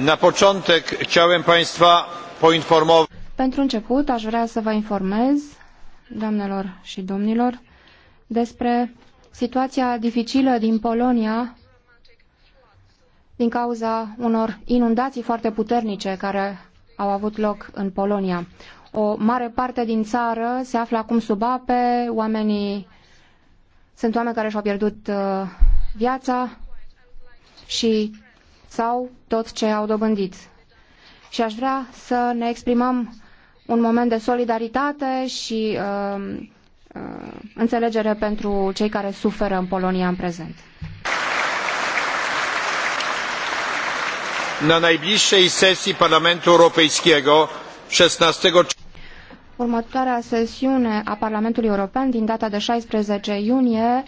Na początek chciałem Państwa poinformować. Pentru început aș vrea să vă informez, doamnelor și domnilor, despre situația dificilă din Polonia din cauza unor inundații foarte puternice care au avut loc în Polonia. O mare parte din țară se află acum sub ape, oamenii sunt oameni care și-au pierdut uh, viața și sau tot ce au dobândit. Și aș vrea să ne exprimăm un moment de solidaritate și uh, uh, înțelegere pentru cei care suferă în Polonia în prezent. Na najbliższej sesji Parlamentu Europejskiego 16 Următoarea sesiune a Parlamentului European din data de 16 iunie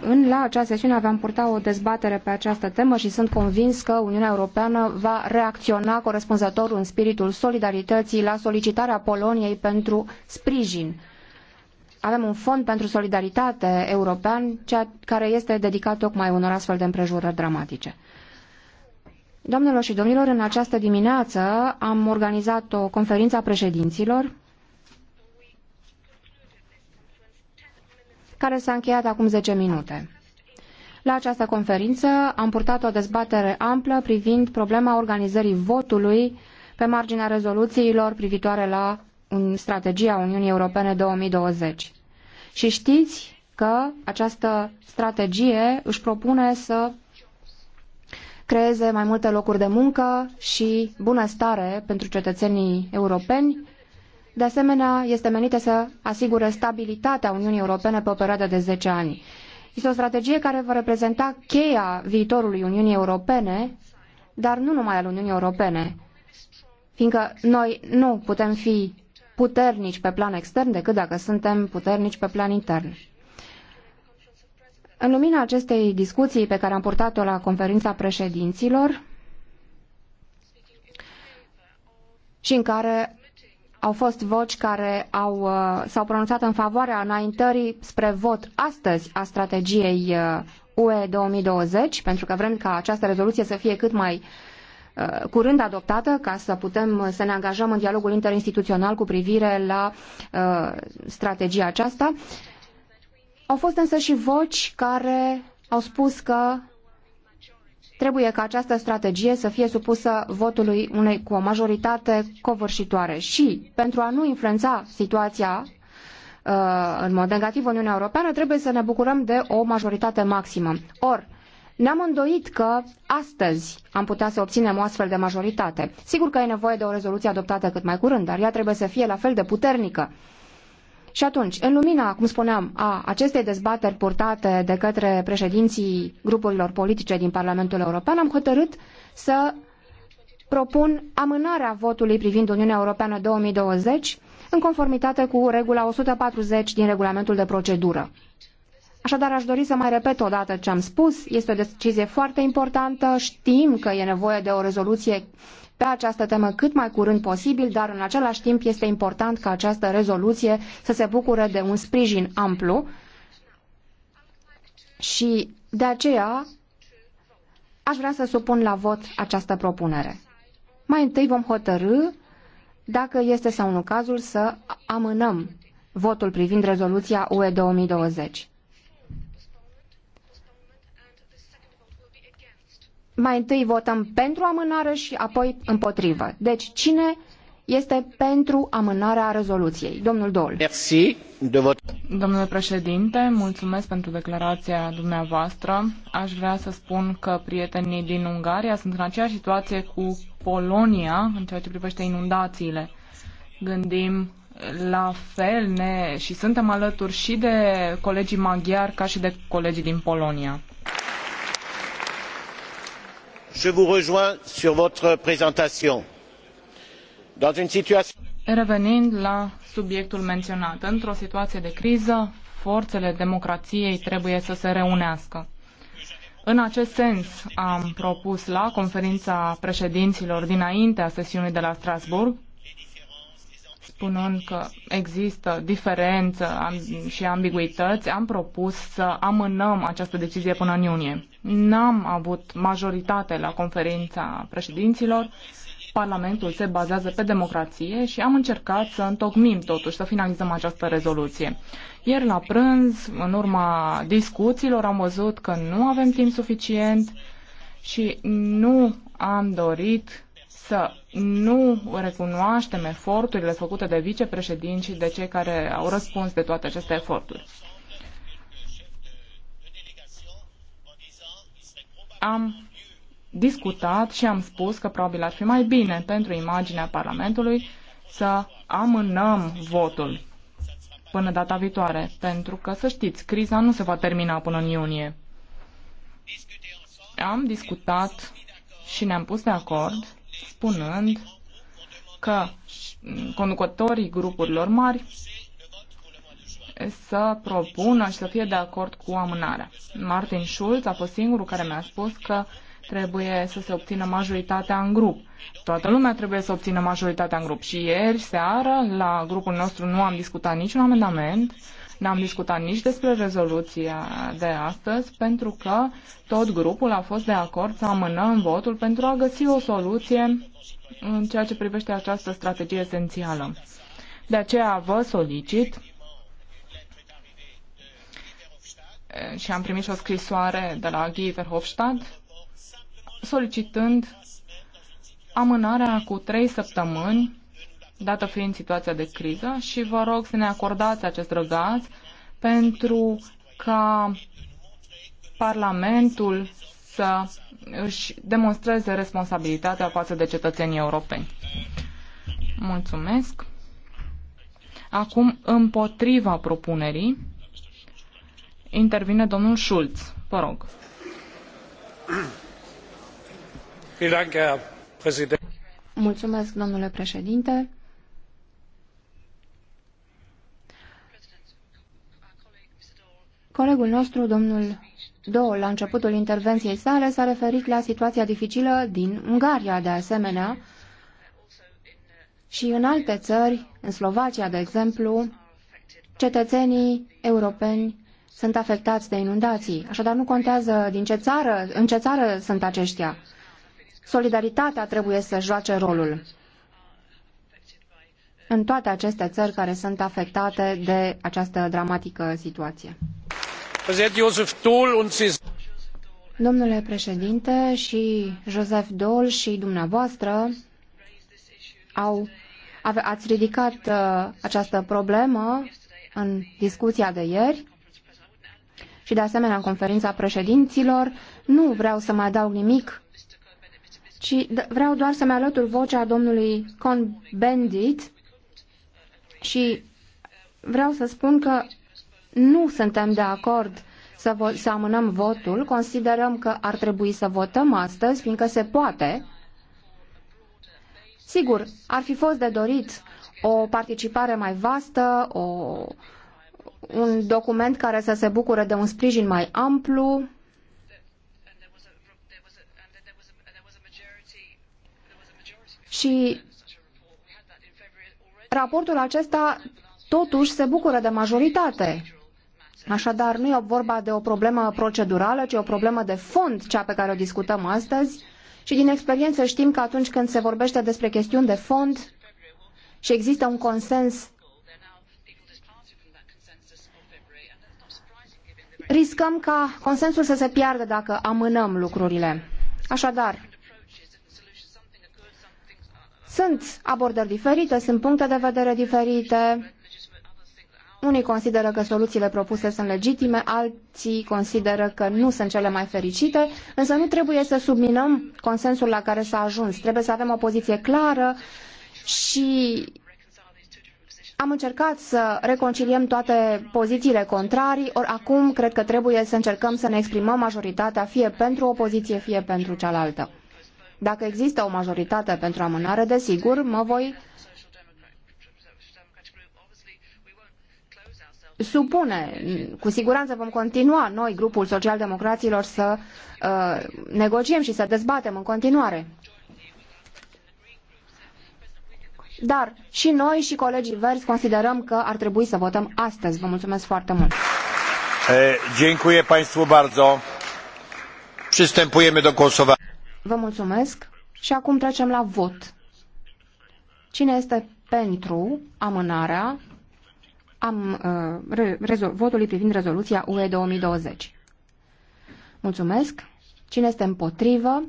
în, la acea sesiune aveam purta o dezbatere pe această temă și sunt convins că Uniunea Europeană va reacționa corespunzător în spiritul solidarității la solicitarea Poloniei pentru sprijin. Avem un fond pentru solidaritate european, ceea care este dedicat tocmai unor astfel de împrejurări dramatice. Doamnelor și domnilor, în această dimineață am organizat o conferință a președinților care s-a încheiat acum 10 minute. La această conferință am purtat o dezbatere amplă privind problema organizării votului pe marginea rezoluțiilor privitoare la strategia Uniunii Europene 2020. Și știți că această strategie își propune să creeze mai multe locuri de muncă și bunăstare pentru cetățenii europeni de asemenea, este menită să asigure stabilitatea Uniunii Europene pe o perioadă de 10 ani. Este o strategie care va reprezenta cheia viitorului Uniunii Europene, dar nu numai al Uniunii Europene, fiindcă noi nu putem fi puternici pe plan extern decât dacă suntem puternici pe plan intern. În lumina acestei discuții pe care am purtat-o la conferința președinților și în care au fost voci care au, uh, s-au pronunțat în favoarea înaintării spre vot astăzi a strategiei uh, UE 2020, pentru că vrem ca această rezoluție să fie cât mai uh, curând adoptată ca să putem să ne angajăm în dialogul interinstituțional cu privire la uh, strategia aceasta. Au fost însă și voci care au spus că Trebuie ca această strategie să fie supusă votului unei cu o majoritate covârșitoare și, pentru a nu influența situația uh, în mod negativ Uniunea Europeană, trebuie să ne bucurăm de o majoritate maximă. Or, ne-am îndoit că astăzi am putea să obținem o astfel de majoritate. Sigur că e nevoie de o rezoluție adoptată cât mai curând, dar ea trebuie să fie la fel de puternică. Și atunci, în lumina, cum spuneam, a acestei dezbateri purtate de către președinții grupurilor politice din Parlamentul European, am hotărât să propun amânarea votului privind Uniunea Europeană 2020 în conformitate cu regula 140 din regulamentul de procedură. Așadar, aș dori să mai repet o dată ce am spus. Este o decizie foarte importantă. Știm că e nevoie de o rezoluție pe această temă cât mai curând posibil, dar în același timp este important ca această rezoluție să se bucure de un sprijin amplu și de aceea aș vrea să supun la vot această propunere. Mai întâi vom hotărâ dacă este sau nu cazul să amânăm votul privind rezoluția UE 2020. mai întâi votăm pentru amânare și apoi împotrivă. Deci cine este pentru amânarea rezoluției? Domnul Dol. Merci de vot. Domnule președinte, mulțumesc pentru declarația dumneavoastră. Aș vrea să spun că prietenii din Ungaria sunt în aceeași situație cu Polonia în ceea ce privește inundațiile. Gândim la fel ne, și suntem alături și de colegii maghiari ca și de colegii din Polonia je vous rejoins sur votre présentation. Revenind la subiectul menționat, într-o situație de criză, forțele democrației trebuie să se reunească. În acest sens am propus la conferința președinților dinaintea sesiunii de la Strasbourg spunând că există diferență și ambiguități, am propus să amânăm această decizie până în iunie. N-am avut majoritate la conferința președinților, Parlamentul se bazează pe democrație și am încercat să întocmim totuși, să finalizăm această rezoluție. Ieri la prânz, în urma discuțiilor, am văzut că nu avem timp suficient și nu am dorit să nu recunoaștem eforturile făcute de vicepreședinți și de cei care au răspuns de toate aceste eforturi. Am discutat și am spus că probabil ar fi mai bine pentru imaginea Parlamentului să amânăm votul până data viitoare, pentru că, să știți, criza nu se va termina până în iunie. Am discutat și ne-am pus de acord spunând că conducătorii grupurilor mari să propună și să fie de acord cu amânarea. Martin Schulz a fost singurul care mi-a spus că trebuie să se obțină majoritatea în grup. Toată lumea trebuie să obțină majoritatea în grup. Și ieri seară, la grupul nostru, nu am discutat niciun amendament N-am discutat nici despre rezoluția de astăzi, pentru că tot grupul a fost de acord să amânăm votul pentru a găsi o soluție în ceea ce privește această strategie esențială. De aceea vă solicit și am primit și o scrisoare de la Guy Verhofstadt solicitând amânarea cu trei săptămâni dată fiind situația de criză și vă rog să ne acordați acest răgaz pentru ca Parlamentul să își demonstreze responsabilitatea față de cetățenii europeni. Mulțumesc. Acum, împotriva propunerii, intervine domnul Schulz. Vă rog. Mulțumesc, domnule președinte. Colegul nostru, domnul Do, la începutul intervenției sale, s-a referit la situația dificilă din Ungaria, de asemenea, și în alte țări, în Slovacia, de exemplu, cetățenii europeni sunt afectați de inundații. Așadar, nu contează din ce țară, în ce țară sunt aceștia. Solidaritatea trebuie să joace rolul în toate aceste țări care sunt afectate de această dramatică situație. Domnule președinte și Joseph Dol și dumneavoastră au, ave, ați ridicat uh, această problemă în discuția de ieri și de asemenea în conferința președinților. Nu vreau să mai adaug nimic, ci vreau doar să-mi alătur vocea domnului Con Bendit și vreau să spun că nu suntem de acord să, vo- să amânăm votul, considerăm că ar trebui să votăm astăzi, fiindcă se poate. Sigur, ar fi fost de dorit o participare mai vastă, o, un document care să se bucure de un sprijin mai amplu. Și raportul acesta totuși se bucură de majoritate. Așadar, nu e vorba de o problemă procedurală, ci o problemă de fond, cea pe care o discutăm astăzi. Și din experiență știm că atunci când se vorbește despre chestiuni de fond și există un consens riscăm ca consensul să se piardă dacă amânăm lucrurile. Așadar, sunt abordări diferite, sunt puncte de vedere diferite, unii consideră că soluțiile propuse sunt legitime, alții consideră că nu sunt cele mai fericite, însă nu trebuie să subminăm consensul la care s-a ajuns. Trebuie să avem o poziție clară și am încercat să reconciliem toate pozițiile contrarii, ori acum cred că trebuie să încercăm să ne exprimăm majoritatea fie pentru o poziție, fie pentru cealaltă. Dacă există o majoritate pentru amânare, desigur, mă voi supune. Cu siguranță vom continua noi, grupul social-democraților, să uh, negociem și să dezbatem în continuare. Dar și noi și colegii verzi considerăm că ar trebui să votăm astăzi. Vă mulțumesc foarte mult. Dziękuję Państwu bardzo. Przystępujemy do głosowania. Vă mulțumesc și acum trecem la vot. Cine este pentru amânarea am, uh, votului privind rezoluția UE 2020. Mulțumesc. Cine este împotrivă?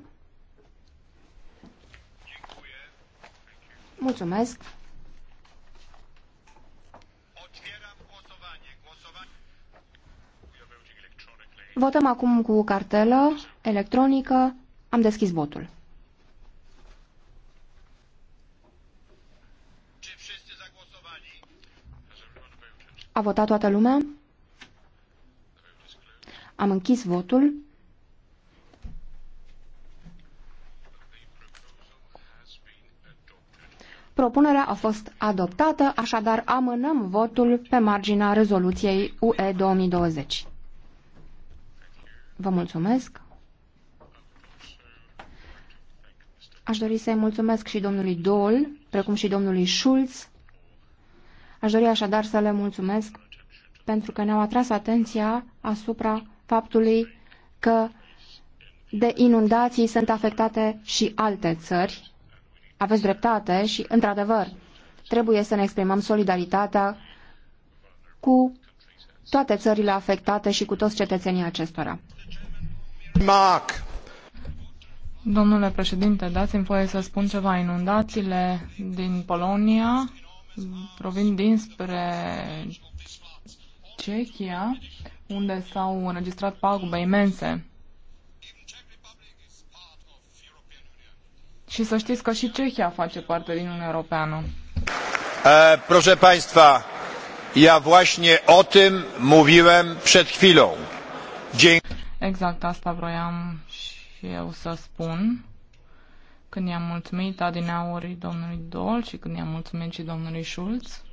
Mulțumesc. Votăm acum cu cartelă electronică. Am deschis votul. A votat toată lumea? Am închis votul. Propunerea a fost adoptată, așadar amânăm votul pe marginea rezoluției UE 2020. Vă mulțumesc. Aș dori să-i mulțumesc și domnului Dole, precum și domnului Schulz, Aș dori așadar să le mulțumesc pentru că ne-au atras atenția asupra faptului că de inundații sunt afectate și alte țări. Aveți dreptate și, într-adevăr, trebuie să ne exprimăm solidaritatea cu toate țările afectate și cu toți cetățenii acestora. Mark. Domnule președinte, dați-mi voie să spun ceva. Inundațiile din Polonia provin dinspre Cehia, unde s-au înregistrat pagube imense. Și să știți că și Cehia face parte din Uniunea Europeană. E, proszę Państwa, ja właśnie o tym mówiłem przed chwilą. Dzień... Exact asta vroiam și eu să spun când i-am mulțumit adinauri domnului Dol și când i-am mulțumit și domnului Schulz.